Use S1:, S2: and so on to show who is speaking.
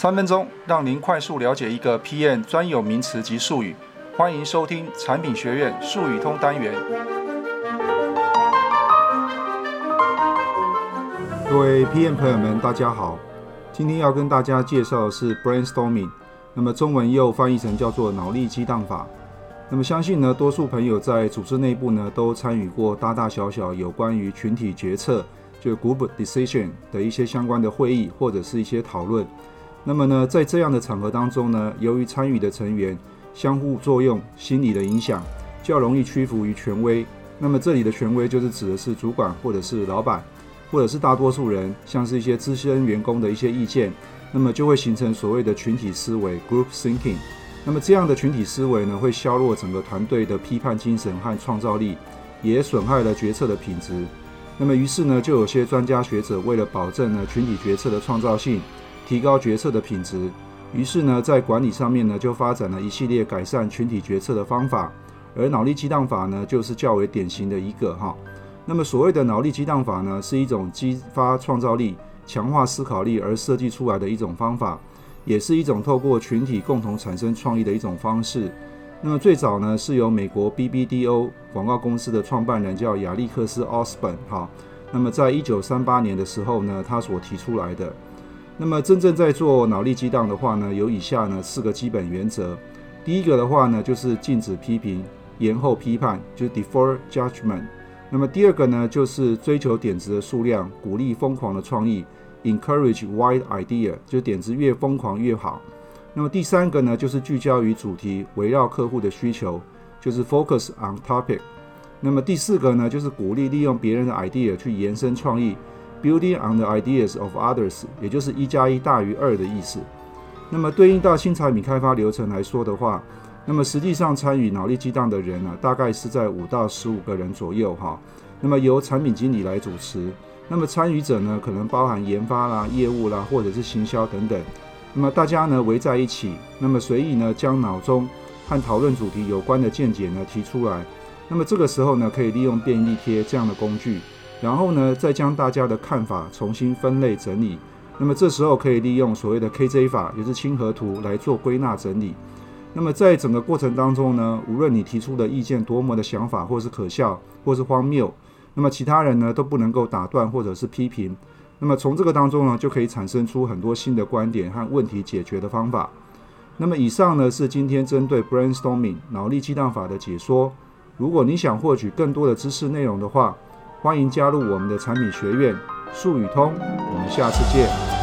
S1: 三分鐘讓您快速了解一個 PM 專有名詞及術語。歡迎收聽產品學院術語通單元。各位 PM 朋友們，大家好。今天要跟大家介紹的是 Brainstorming，那麼中文又翻譯成叫做腦力激盪法。那麼相信呢，多數朋友在組織內部呢，都參與過大大小小有關於群體決策，就 Group Decision 的一些相關的會議或者是一些討論。那麼呢，在這樣的場合當中呢，由於參與的成員相互作用、心理的影響，較容易屈服於權威。那麼這裡的權威就是指的是主管或者是老闆，或者是大多數人，像是一些資深員工的一些意見。那麼就會形成所謂的群體思維 （group thinking）。那麼這樣的群體思維呢，會削弱整個團隊的批判精神和創造力，也損害了決策的品質。那麼於是呢，就有些專家學者為了保證呢群體決策的創造性。提高決策的品質，於是呢，在管理上面呢，就發展了一系列改善群體決策的方法，而腦力激盪法呢，就是較為典型的一個哈。那麼，所謂的腦力激盪法呢，是一種激發創造力、強化思考力而設計出來的一種方法，也是一種透過群體共同產生創意的一種方式。那麼，最早呢，是由美國 BBDO 廣告公司的創辦人叫亞歷克斯·奧斯本哈。那麼，在一九三八年的時候呢，他所提出來的。那麼真正在做腦力激盪的話呢，有以下呢四個基本原則。第一個的話呢，就是禁止批評，延後批判，就是 defer judgment。那麼第二個呢，就是追求點子的數量，鼓勵瘋狂的創意，encourage wild idea，就點子越瘋狂越好。那麼第三個呢，就是聚焦於主題，圍繞客戶的需求，就是 focus on topic。那麼第四個呢，就是鼓勵利用別人的 idea 去延伸創意。Building on the ideas of others，也就是一加一大於二的意思。那麼對應到新產品開發流程來說的話，那麼實際上參與腦力激盪的人呢，啊，大概是在五到十五個人左右哈。那麼由產品經理來主持。那麼參與者呢，可能包含研發啦、業務啦，或者是行銷等等。那麼大家呢圍在一起，那麼隨意呢將腦中和討論主題有關的見解呢提出來。那麼這個時候呢，可以利用便利貼這樣的工具。然後呢，再將大家的看法重新分類整理。那麼這時候可以利用所謂的 KJ 法，也是親和圖來做歸納整理。那麼在整個過程當中呢，無論你提出的意見多麼的想法，或是可笑，或是荒謬，那麼其他人呢都不能夠打斷或者是批評。那麼從這個當中呢，就可以產生出很多新的觀點和問題解決的方法。那麼以上呢是今天針對 Brainstorming 腦力激盪法的解說。如果你想獲取更多的知識內容的話，歡迎加入我們的產品學院術語通，我們下次見。